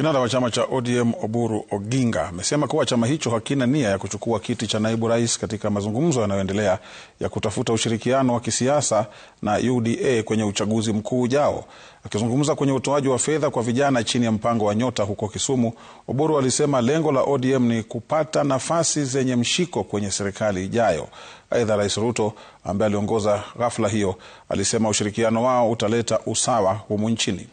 Kinara wa chama cha ODM Oburu Oginga amesema kuwa chama hicho hakina nia ya kuchukua kiti cha naibu rais katika mazungumzo yanayoendelea ya kutafuta ushirikiano wa kisiasa na UDA kwenye uchaguzi mkuu ujao. Akizungumza kwenye utoaji wa fedha kwa vijana chini ya mpango wa Nyota huko Kisumu, Oburu alisema lengo la ODM ni kupata nafasi zenye mshiko kwenye serikali ijayo. Aidha, Rais Ruto ambaye aliongoza ghafla hiyo alisema ushirikiano wao utaleta usawa humu nchini.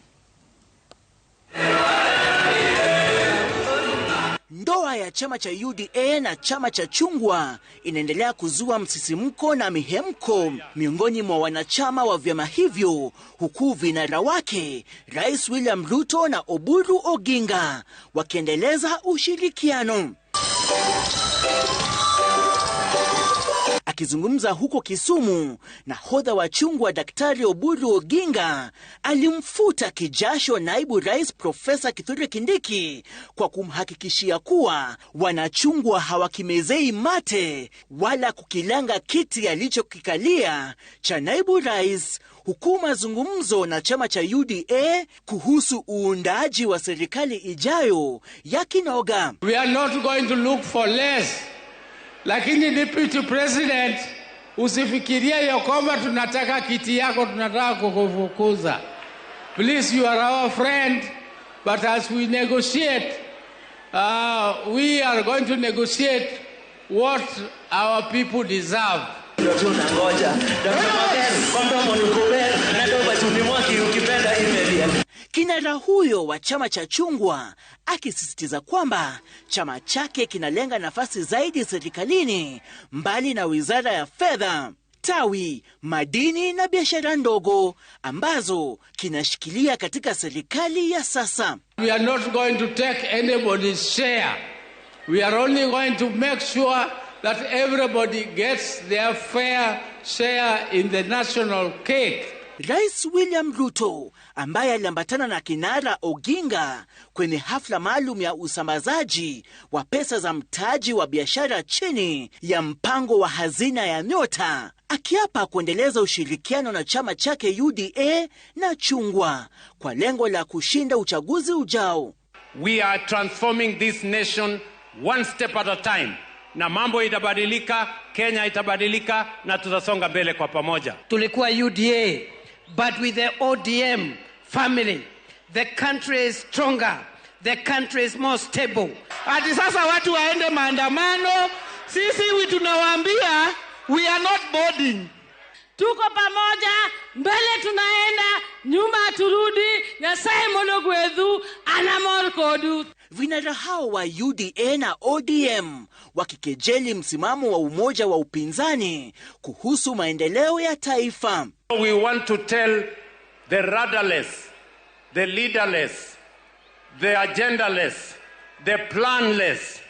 ya chama cha UDA na chama cha chungwa inaendelea kuzua msisimko na mihemko miongoni mwa wanachama wa vyama hivyo, huku vinara wake Rais William Ruto na Oburu Oginga wakiendeleza ushirikiano Akizungumza huko Kisumu, nahodha wa chungwa Daktari Oburu Oginga alimfuta kijasho naibu rais Profesa Kithure Kindiki kwa kumhakikishia kuwa wanachungwa hawakimezei mate wala kukilanga kiti alichokikalia cha naibu rais, huku mazungumzo na chama cha UDA kuhusu uundaji wa serikali ijayo yakinoga. We are not going to look for less. Lakini deputy president, usifikirie ya kwamba tunataka kiti yako, tunataka kukufukuza. Please, you are our friend, but as we negotiate uh, we are going to negotiate what our people deserve. Kinara huyo wa chama cha chungwa akisisitiza kwamba chama chake kinalenga nafasi zaidi serikalini mbali na wizara ya fedha, tawi, madini na biashara ndogo ambazo kinashikilia katika serikali ya sasa. We are not going to take anybody's share. We are only going to make sure that everybody gets their fair share in the national cake. Rais William Ruto ambaye aliambatana na kinara Oginga kwenye hafla maalum ya usambazaji wa pesa za mtaji wa biashara chini ya mpango wa hazina ya Nyota, akiapa kuendeleza ushirikiano na chama chake UDA na Chungwa kwa lengo la kushinda uchaguzi ujao. We are transforming this nation one step at a time na mambo itabadilika, Kenya itabadilika na tutasonga mbele kwa pamoja. Tulikuwa UDA But with the ODM family, the country is stronger, the country is more stable. Ati sasa watu waende maandamano, sisi tunawaambia we are not boarding. Tuko pamoja, mbele tunaenda, nyuma turudi. Nyasaye Mwono gwethu ana mor kodu. Vinara hao wa UDA na ODM wakikejeli msimamo wa umoja wa upinzani kuhusu maendeleo ya taifa. We want to tell the rudderless, the leaderless, the agendaless, the planless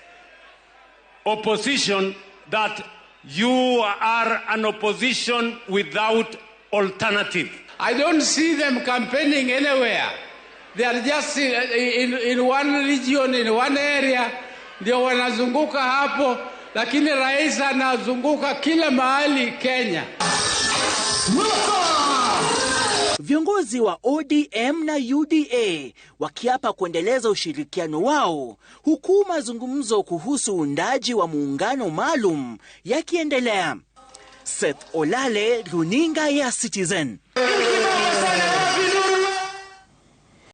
opposition that you are an opposition without alternative. I don't see them campaigning anywhere they are just in, in, in one region, in one area, ndio wanazunguka hapo, lakini rais anazunguka kila mahali Kenya. Viongozi wa ODM na UDA wakiapa kuendeleza ushirikiano wao huku mazungumzo kuhusu uundaji wa muungano maalum yakiendelea. Seth Olale, runinga ya Citizen.